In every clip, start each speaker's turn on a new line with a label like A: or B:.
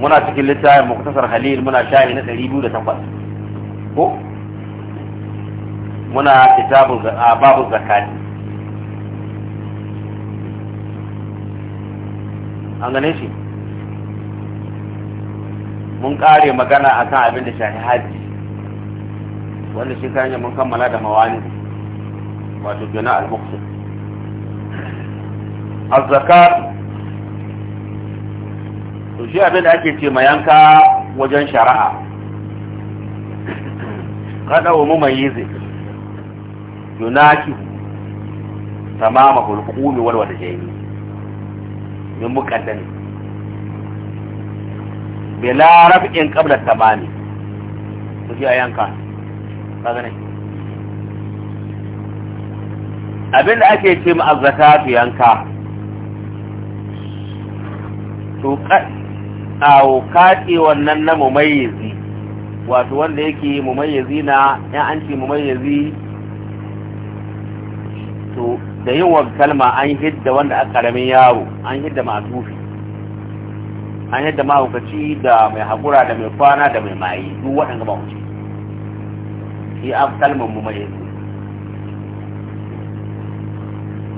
A: muna cikin littafin muktasar halil muna shahi na ɗari da takwas ko muna kitabun babu zakati an gane shi mun kare magana kan abin da shafi haji wanda shi kanya mun kammala da mawani wato juna al-muqsid az-zakat to shi abin da ake ce ma yanka wajen shari'a kada wa mumayize yunaki tamama hulqumi wal wadajayni min muqaddami bila rafin qabla tamami to shi yanka kaga ne abin da ake ce ma azzakatu yanka to awo kaɗe wannan na mumayyazi wato wanda yake mumayyazi na yan an ce mumayyazi to da yin wa kalma an hidda wanda a karamin yaro an hidda matufi an hidda mahaukaci da mai haƙura da mai kwana da mai maye duk waɗanda ba wuce shi an kalmar mumayyazi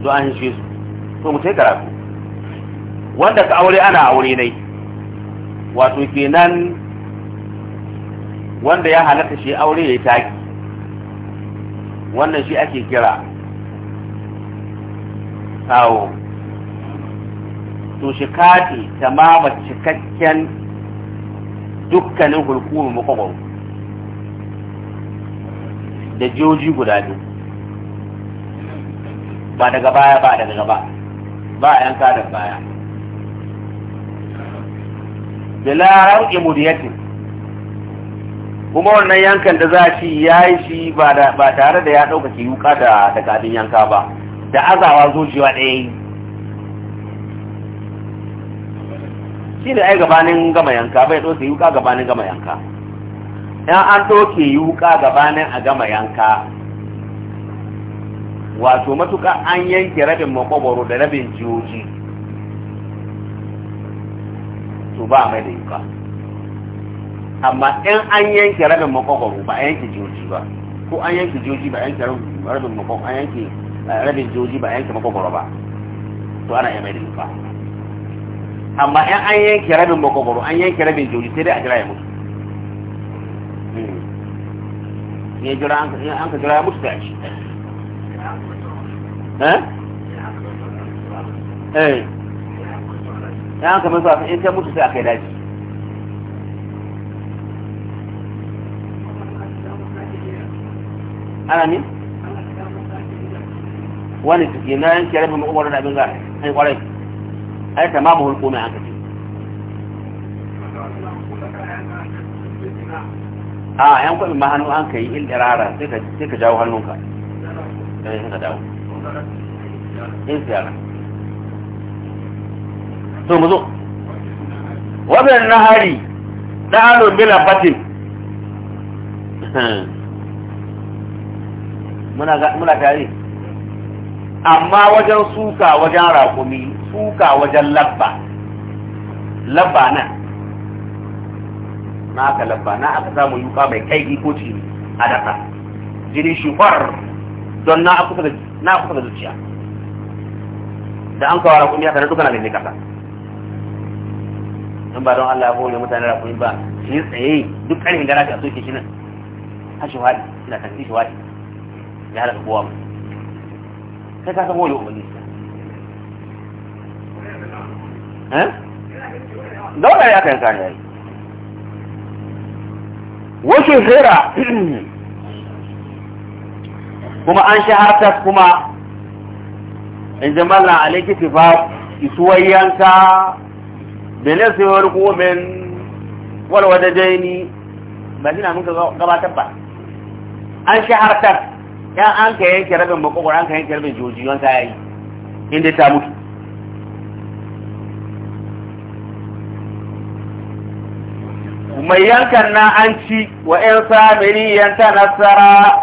A: zuwa an shi su to mu karatu wanda ka aure ana aure nai wato kenan wanda ya halatta shi aure ya yi taki wannan shi ake kira kawo to shi kati mama cikakken dukkanin hulkuru makwabar da joji guda biyu ba daga baya ba daga gaba ba a yanka da baya bila rauƙi mudiyatin kuma wannan yankan da za shi ya yi shi ba tare da ya ɗaukake yuka da takadin yanka ba da azawa zuciya ɗaya yi shi ne ai gabanin gama yanka bai ɗauke yuka gabanin gama yanka ɗan an ɗauke yuka gabanin a gama yanka wato matuka an yanke rabin makwabaro da rabin jiyoji to ba mai da yuka amma in an yanke rabin makwagwaro ba a yanke joji ba ko an yanke joji ba a yanke rabin makwagwaro an yanke eh, rabin joji ba a yanke makwagwaro ba to ana yamai da yuka amma in an yanke rabin makwagwaro an yanke rabin joji sai dai a jira ya mutu hmm. ne jira an ka jira ya mutu sai eh, eh. ya an mai sa in kai mutu sai a kai daji ana ne wani ke nan yanki rabin umar da abin ga ai kwarai ai tamamu hulkumi an kace a yan kwanin ma hannu an kai yi ilirara sai ka jawo hannunka
B: eh,
A: sai ka dawo in siyara. to mu zo wannan nahari da'alun bila fatin muna muna tare amma wajen suka wajen raƙumi suka wajen labba labba na na aka labba na aka samu yuka mai kai ko ci a dasa jini shi don na kusa da zuciya da an kawo raƙumi aka na duka na kasa. in ba don Allah ya hore mutane da kuma ba shi tsaye duk ƙarfin gara ka soke shi nan har shi wadi ina kan shi wadi ya halaka kowa mu sai ka san hore ubangi eh dole ya kan kare yayi wasu hira kuma an shaharta kuma in jama'a mallan alaiki tifaf isuwayyanka bilisir wala walwada jaini ba shi na muka gabatar ba an shahartar ya an ka yanke rabin makogwar an ka yanke rabin jojiyon ta yayi inda ta mutu mai yankan na an ci wa ‘yan samiri yanta nasara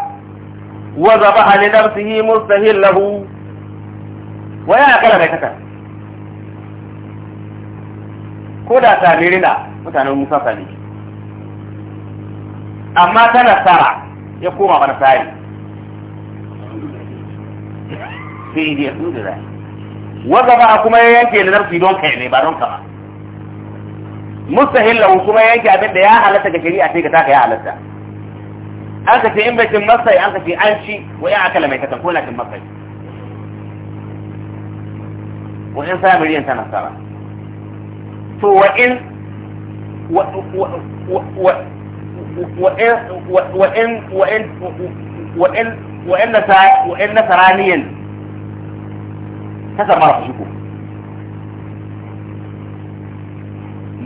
A: wa zaba halin nafsihi mustahil lahu wa yana kala mai kakar ko da ta na mutanen musa sami amma ta nasara ya koma wani sari sai idiyar sun da zai wanda ba kuma ya yanke da zarfi don kai ne ba don kama mustahil lahu kuma yanke abin da ya halatta ga shari'a sai ka taka ya halatta an ka ce in bai cin masai an ka ce an ci wa ya akala mai katan ko na cin masai wa in yin ta nasara وإن وإن وإن وإن وإن وإن نسرانيا هذا ما رأيكم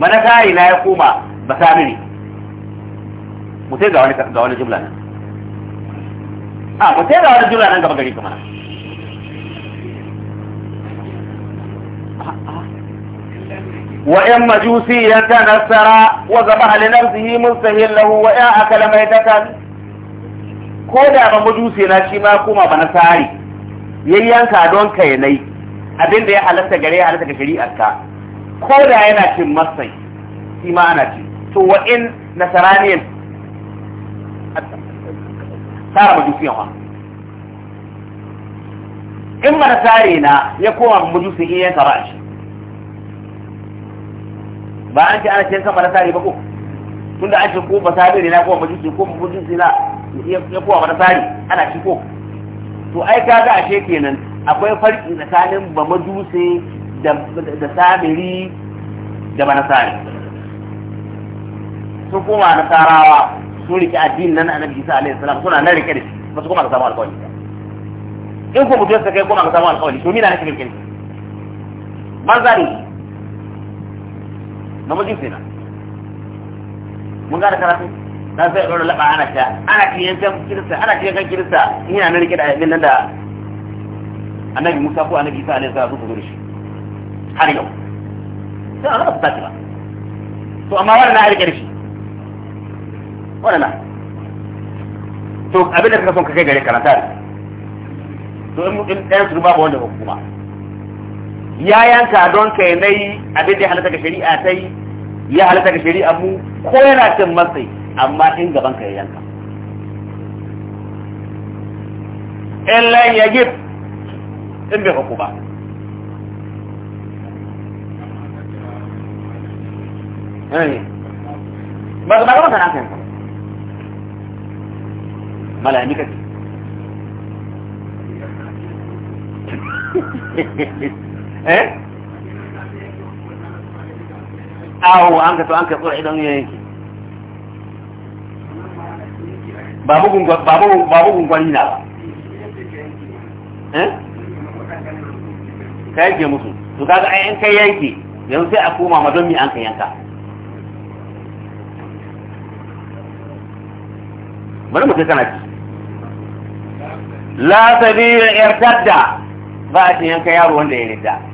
A: من كان لا يقوم بثامني متين دعوانا دعوانا جملة آه متين دعوانا جملة أنا قبل كمان وإن مجوسية nasara, وذبح لنفسه مستهل له وإن أكل ميتة كودا ما ناشي ما كوما بنساري ييانكا دون كيني abin da ya halatta gare ya halatta ga shari'arka ko da yana cin masai shi ma ana to wa in nasaraniyin tara majusiyan ba na koma ba ba an ce ana cin sama na sari ba ko da an ce ko ba sari ne na ko majusi ko majusi na ya kowa ba na sari ana ci ko to ai ka ga ashe kenan akwai farki tsakanin ba majusi da sabiri da manasari sun koma nasarawa sun rike addinin nan annabi Isa alaihi salam suna nan rike da shi ba su koma ka samu alƙawari in ko mutum sai kai koma ka samu alƙawari to mina ne kake rike man zari na namijin fina mun gane karatu na sai ɗora laɓa ana ta ana kiyan kan kirista ana kiyan kan kirista ina nan rike da abin nan da annabi musa ko annabi isa alaihi salatu ku shi har yau sai an rasa tashi ba to amma wannan na rike da shi wannan to abin da kaka son ka kai gare karanta to in ɗayan su babu wanda ba kuma ya yanka don kai nai abin da halatta ga shari'a ta yi ya halatta ga shari'a mu ko yana cin matsayi amma in gaban ka ya yanka in lai ya gif in bai huku eh. ba ba ga ba na kan eh awo an ka to an ka tsora idan ya yanki babu gungwani na ba eh? ka yanke musu to kaga ai in kai yanke yanzu sai a koma ma don mi an ka yanka bari mu kai kana ci la sabila irtadda ba a yanka yaro wanda ya nidda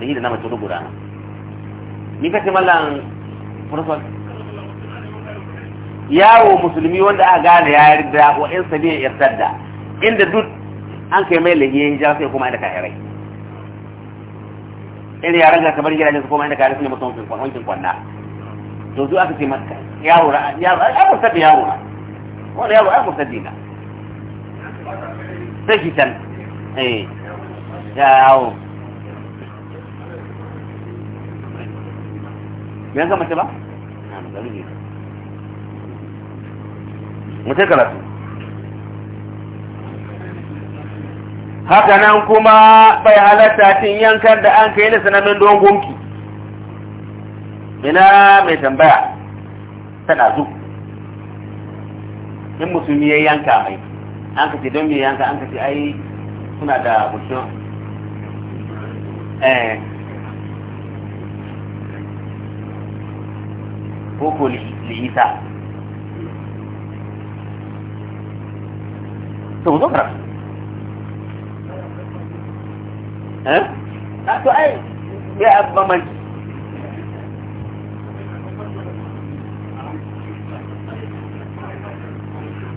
A: da da nama tudu guda ni kace mallan profesor yawo musulmi wanda aka gane ya yarda wa in sabi ya yarda inda duk an kai mai lahiya hijira sai kuma inda ka kafirai in ya ranga kamar gida ne kuma inda ka kafirai ne mutum wankin kwanna to zuwa aka ce maka yawo ya ai murtadi yawo na wala yawo ai murtadi na sai kitan can eh yawo bai ga ba karatu haka nan kuma bai halatta cin yankar da an kai na sanamin don gunki ina mai tambaya tana zu in musulmi ya yanka mai an ka ce don mai yanka an ka ce ai suna da mutum eh ko ko li'isa to zo kara eh to ai ya abba man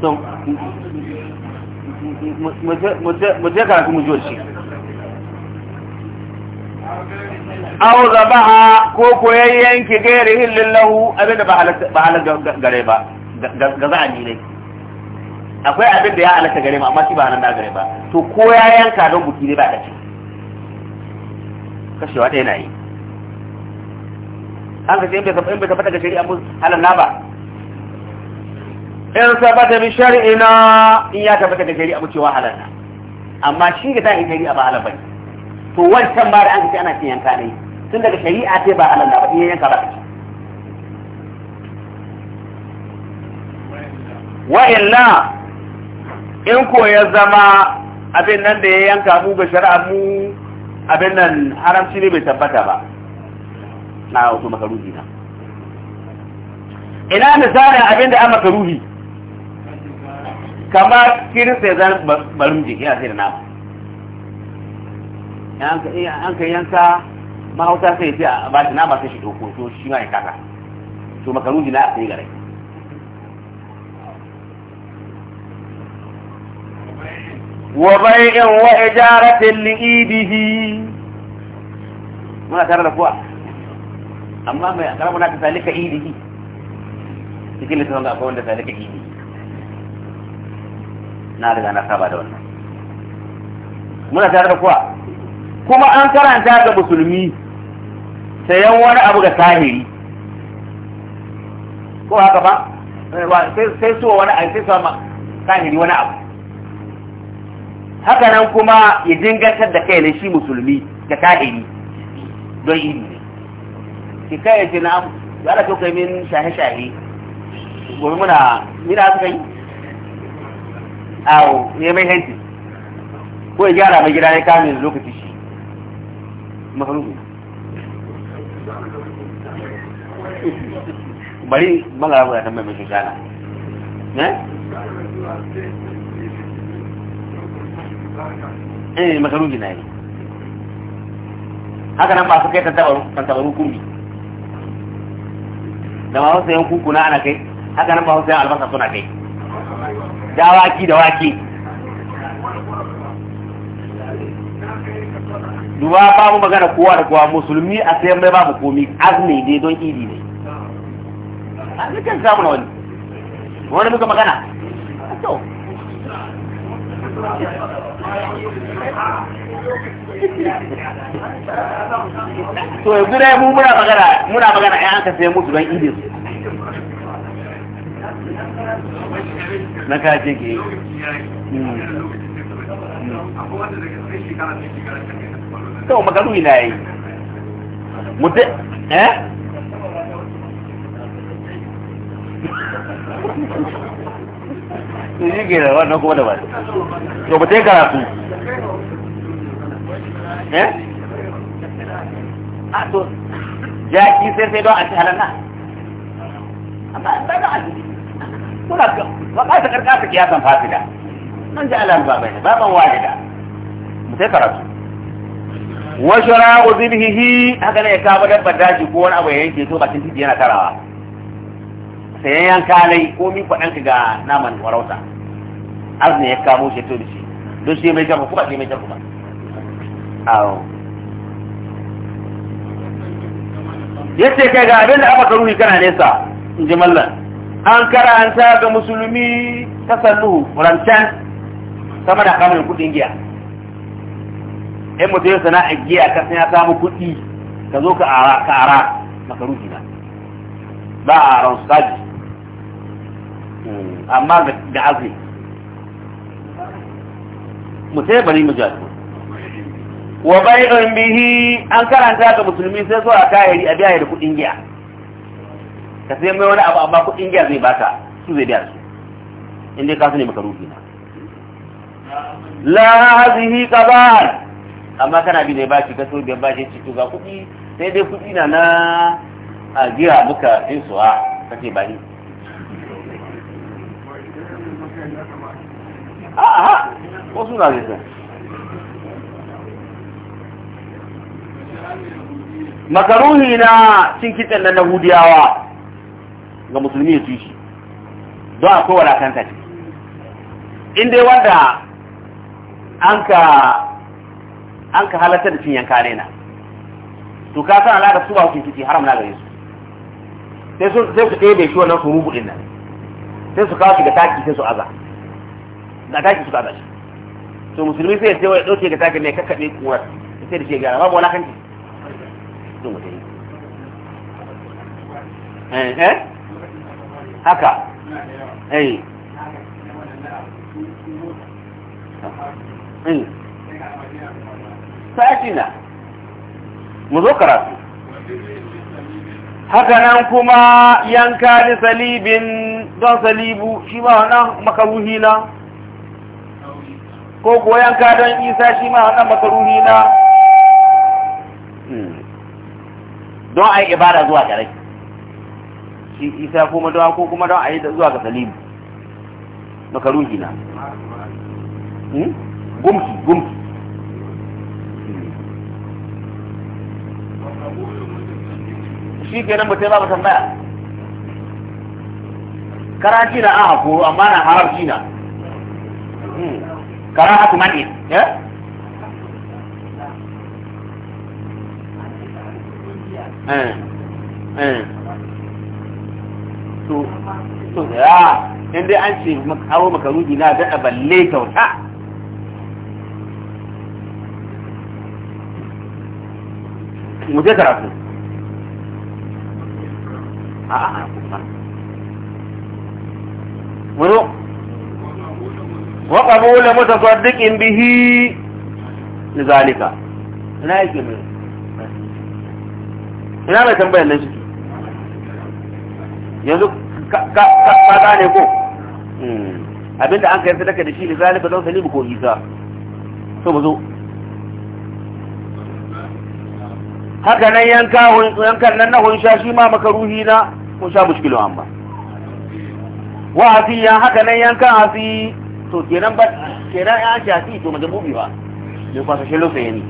A: to mu je karatu mu ji shi
B: ba
A: zabaha ko ko yanki gairi hillin lahu abinda ba halatta ba halatta gare ba ga za'ani ne akwai abin da ya halatta gare ma amma shi ba nan da gare ba to ko ya yanka don buki ne ba da ce kashewa ɗaya yana yi an ka in bai tabbata ga shari'a mun halan na ba in sabata bi shari'ina in ya tabbata ga shari'a mun cewa halan na amma shi ga ta yi shari'a ba halan ba ne to wancan ba da an kace ana cin yanka ne tun daga shari'a ce ba halal ba iya yanka ba kace wa illa in ko ya zama abin nan da ya yanka mu ga shari'a mu abin nan haramci ne bai tabbata ba na wato makaruhi na ina misalin abin da an makaruhi kamar kirista ya zan barumji ya sai da nama an ka yanka mahauta sai ce a ba shi nama sai shi doko to shi ma ya kasa to makaruni na a sai gare wa bai'in wa ijaratin li'ibihi muna tare da kuwa amma mai karamu na ta salika idihi cikin littafin ga akwai wanda salika idihi na riga na saba da wannan muna tare da kuwa kuma an karanta ga musulmi sayan wani abu ga sahiri ko haka ba eh, sai so wani a sai so sahiri wani abu haka nan kuma ya dingantar da kai ne shi musulmi ga sahiri don yi ne ki kai ya ce na ya da kai min shahe-shahe gobe muna mina suka yi awo ne mai hanci ko ya gyara mai gida ya kamin lokaci mahaluhu bari magana guda ta mai mai shana ne? eh makaruji na yi haka nan su kai tantabaru kumbi da ma wasu yan na ana kai haka nan ba wasu yan albasa suna kai
B: dawaki dawaki
A: duba ba mu magana kowa da kowa musulmi a sayan mai babu komi azumi ne don idi ne
B: a cikin samun
A: wani wani muka magana to to yanzu dai mu muna magana muna magana ai an ka sayan musu don idi su
B: na kaje ke akwai wanda daga sai shekara ne shekara kawai makaruri ina
A: yi mutu eh
B: shi ke da wannan kuma da ba to ba ta karatu eh
A: a ah, to ya ki sai sai don a ci halanna amma an bai da aji kuna ba ka ta karkasa kiyasan fasida nan ji alam babai baban wajida mu sai karatu wa shara'u zibhihi haka ne ya kawo dabbar daji ko wani abu ya yanke to bakin titi yana tarawa sayan yanka nai ko mi kwaɗanka ga naman warauta azumi ya kamo shi to da shi don shi mai jarku kuma shi mai jarku ba awo yace kai ga abin da aka karu kana nesa in ji mallan an karanta ga musulmi tasalluhu rancan sama da kamar kudin giya in mutum yin sana'a giya ka san ya samu kuɗi ka zo ka ara ka ara na ba a aron saji hmm, amma da azi mutum ya bari mujahidu wa bai bai'un bihi an karanta ga musulmi sai so a a biya da kuɗin giya ka sai mai wani abu amma kuɗin giya zai baka su zai biya su inda ka su ne makaruhi na la hazihi qaban amma kana bi da bashi kaso biyar bashi ci to ga kuɗi sai dai kuɗi na na a muka sai suwa kace ba ni
B: a'a wasu na zai san
A: makaruhi na cin kitsen na hudiyawa ga musulmi ya tushi, don akwai wadakanta ce in dai wanda an ka an ka halatta da cin yanka ne na to ka san alaka su ba hukunci ci haram na gare su sai su sai su ɗebe shi wannan su din nan sai su kawo shi ga taki sai su aza da taki su aza shi to musulmi sai ya ce wai ɗauke ga taki ne kakkaɓe kuwar sai da shi gara babu wani kanki to mu dai eh eh haka eh eh sashi na mu zo karatu haka nan kuma yanka ni salibin don salibu shi ma wannan makaruhi na ko kuwa yanka don isa shi ma wannan makaruhi na hmm. don a yi ibada zuwa gare shi isa kuma don ko kuma don a yi zuwa ga salibu makaruhi na hmm? gumki gumki shi kenan ba ba tambaya karanci na an hakuru amma na haramci na hmm. kara haku mani ya eh? eh, eh. to to ya dai an ce aro makaruji na da balle kyauta mu je karatu a'a wani wa qabula mutasaddiqin bihi lidhalika ina yake mai ina mai tambayar nan shi yanzu ka ka ka ne ko hmm. abinda an kai sadaka da shi lidhalika don salibu ko isa so mu zo haka nan yankan nan na hunsha shi ma makaruhi na sha mushkilu amma wa asiya haka nan yanka asi to kenan ba kenan ya ci asi to majabubi ba ne kwasa shi lusa yani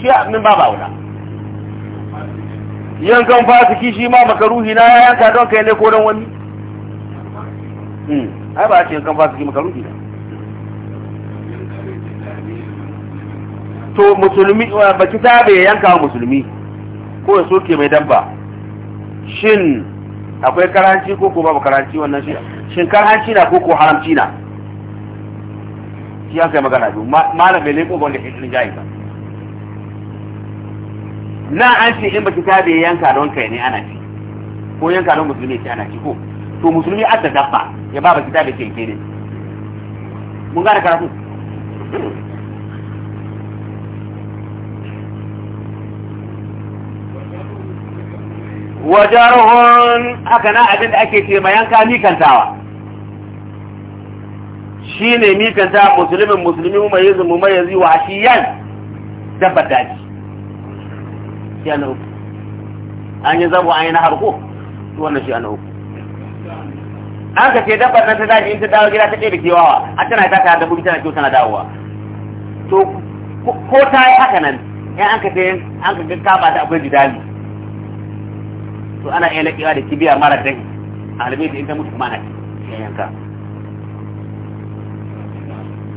A: shi min ba ba wuna yankan fasiki shi ma makaruhi na ya yanka don kai ne ko don wani hmm, ai ba a ce yankan fasiki makaruhi na to musulmi ba kitabe ya yanka wa musulmi ko ya soke mai dabba shin akwai karanci ko ko babu karanci wannan shi shin karanci na ko ko haramci na shi an kai magana biyu malam bai leko wanda ke cikin jayi ba na an ce in ba kitabe ya yanka don kai ne ana ci ko yanka don musulmi ce ana ci ko to musulmi a ta dabba ya ba ba kitabe ke ke ne mun gane karatu wajarhun haka na abin da ake ce mayanka mikantawa shi ne mikanta musulmin musulmi mai yanzu mu mai yanzu wa shi yan dabbar daji shi ana uku an yi zabo an yi na harko wannan shi ana uku an ka ce dabbar nan ta daji in ta dawo gida ta ɗaya da kewawa a tana ta ta dabbobi tana kyau tana dawowa to ko ta yi haka nan in an ka ce an ka gaba da akwai jidali to ana iya laƙewa da kibiya mara dan alimai da in ta mutu kuma ana yanka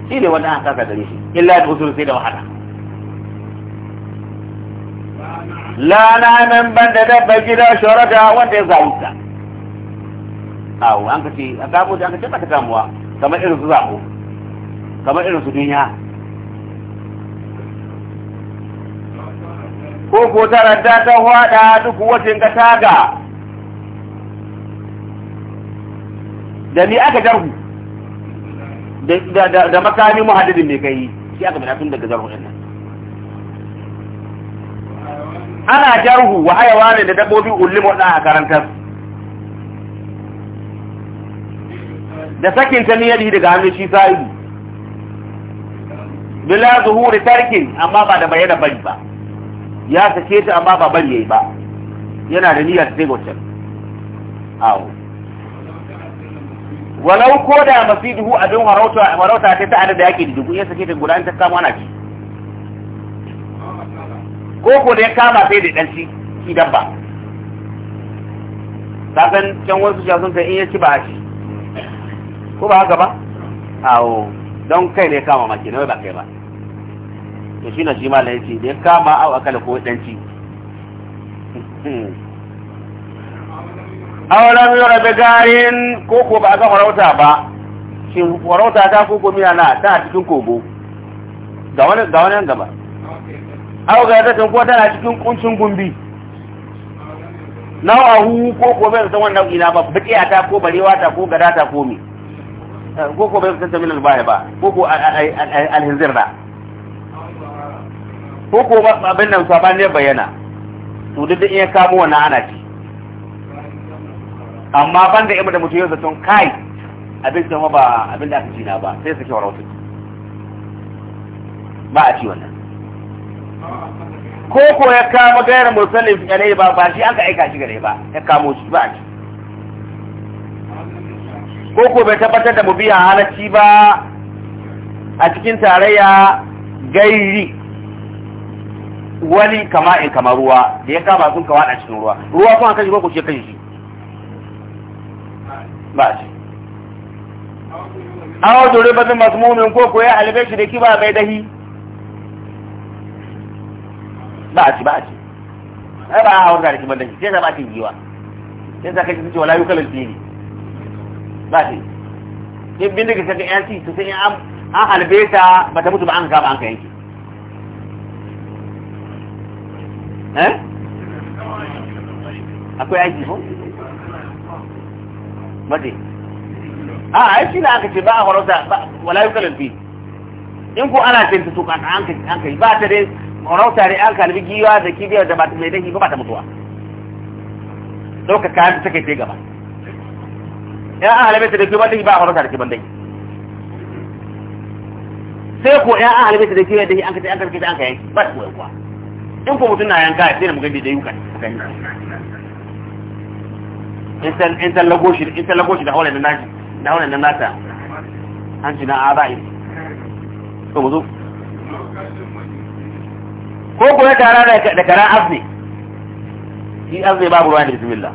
A: shi ne wanda aka kasa gare shi illa da usul sai da wahala la na nan ban da dabba gida shorata wanda ya ta awo an ka ce a gabo da an ka ce ba ta kamuwa kamar irin su zabo kamar irin su duniya ko ko ta radda ta hwada duk wacin ka taga da ni aka jarhu da makami muhaddidin mai kai shi aka bada tun daga jarhu ɗin ana jarhu wa hayawa ne da dabbobi ulimu da a karantar da sakin ta niyyar daga hannun shi sa'idu bila zuhuri tarkin amma ba da bayyana bari ba ya sake ta amma ba bari yayi ba yana da niyyar sai gocin awo walau ko da masiduhu abin warauta warauta ta ta da yake dubu ya sake ta guda ta kama ana ko ko da ya kama sai da dan ci shi dabba kasan can wasu sun ta in ya ci ba shi ko ba haka ba awo don kai ne kama maki na ba kai ba to shi na shi ma da yace da ya kama au akala ko danci awalam yura da garin ko ko ba ga farauta ba shin farauta ta ko ko miya na ta cikin kogo ga wani da wani gaba au ga ta ko tana cikin kuncin gumbi nawahu ko ko bai san wannan ina ba bakiya ta ko barewa ta ko gada ta ko mi ko ko bai san min albahi ba ko ko alhinzir da ko ko abin nan ne bayyana to duk in ya kamo wannan ana ci amma ban da ibada mutum yau tun kai abin sama ba abin da aka ci na ba sai sake warautu ba a ci wannan ko ko ya kama gairar musallin gare ba ba shi an ka aika shi gare ba ya kamo shi ba a ci ko ko bai tabbatar da mu biya halacci ba a cikin tarayya gairi wani kama in kama ruwa da ya kama sun kawa a cikin ruwa ruwa kuma kashi ko ce kashi shi ba ce awa dore bazin masmumin ko ko ya halibai shi da kiba bai dahi ba ce ba ce ai ba hawa da kiban dahi sai da ba shi yiwa sai da kashi cewa layu kalar dini ba ce in bindiga sai ga yanci su sai an ta ba ta mutu ba an kama an ka yanki eh akwai aiki ko bade a ah, aiki na aka ce ba a horauta wala yi kalafi in ko ana ce su tuka an kai ba ta dai horauta ne an kalbi giwa da kibiyar da ba ta mai dahi ba ta mutuwa ɗauka kayan ta take ce gaba ya an halabe ta da kibiyar dahi ba a horauta da kibiyar dahi sai ko ya an halabe ta da kibiyar dahi an kai an kai an kai ba ta koyarwa in ko mutum na yanka ya sai da magani da yukan in tallago shi in tallago shi da haula da nashi da haula da nata an ci na abai ko mu zo ko ko ya tara da kara karan azne shi azne babu ruwa da bismillah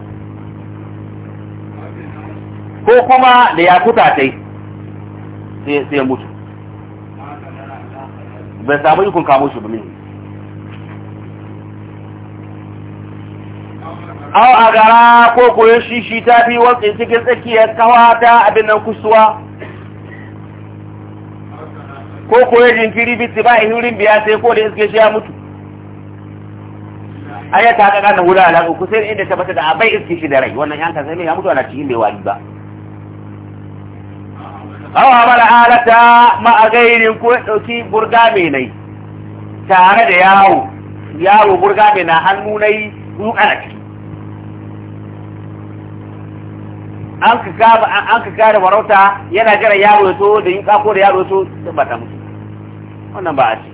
A: ko kuma da ta yi sai sai mutu bai samu ikon kamo shi ba mini aw a gara ko koyon shi ta fi wankin cikin tsakiyar kawa ta abin nan kusuwa ko koyon jinkiri biti ba ihurin biya sai ko da iske shi ya mutu a yi ta kaka na wuri alaƙa ku sai inda tabbata da abai iske shi da rai wannan yanka sai mai ya mutu ana cikin mai wani ba aw amala alata ma a gairin ko ɗauki burga mai nai tare da yawo yawo burga mai na hannu nai ruka na ciki an ka gaba an ka gare warauta yana jira yaro ya to da yin kako da yaro to sun bata musu wannan ba a ce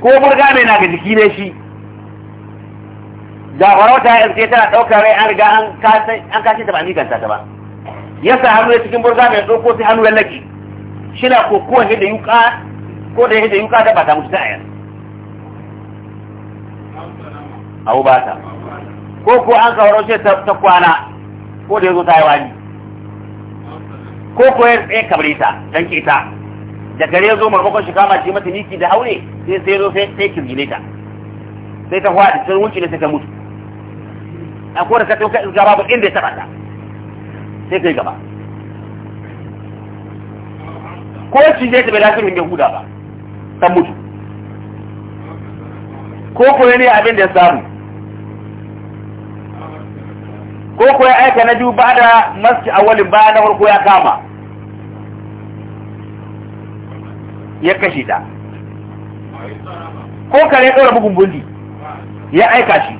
A: ko murga mai na ga jiki ne shi da warauta ya iske tana ɗaukar rai an riga an kashe ta ba ganta ta ba ya sa hannu ya cikin burga mai ɗauko sai hannu ya laki shi na ko ko da yuka ko da yadda yuka ta bata musu ta yanzu abu ba ta ko ko an kawo ce ta kwana ko da ya zo ta yi wani ko ko ya tsaye kabare ta don ke ta da gare ya zo marmakon shi kama shi mata miki da haure sai sai zo sai sai kirgine ta sai ta hwaɗi sai wuce ne sai ta mutu a ko da ka tauka iska babu inda ya taɓa ta sai kai gaba ko shi zai ta bai lafiyar yahuda ba ta mutu ko ko ne abin da ya samu ko ko ya aika na biyu ba da maski awalin ba na farko ya kama ya kashe ta ko kare ya ɗora bugun bundi ya aika shi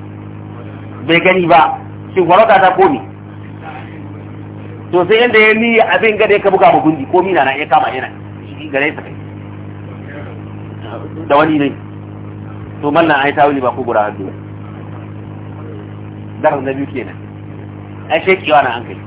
A: bai gani ba shi warauta ta komi to sai inda ya ni abin gada ya ka buga bugundi komi na na ya kama yana shi gare sa kai da wani ne to mallan ai tawili ba ko gura hadu da na biyu kenan "You are an hankali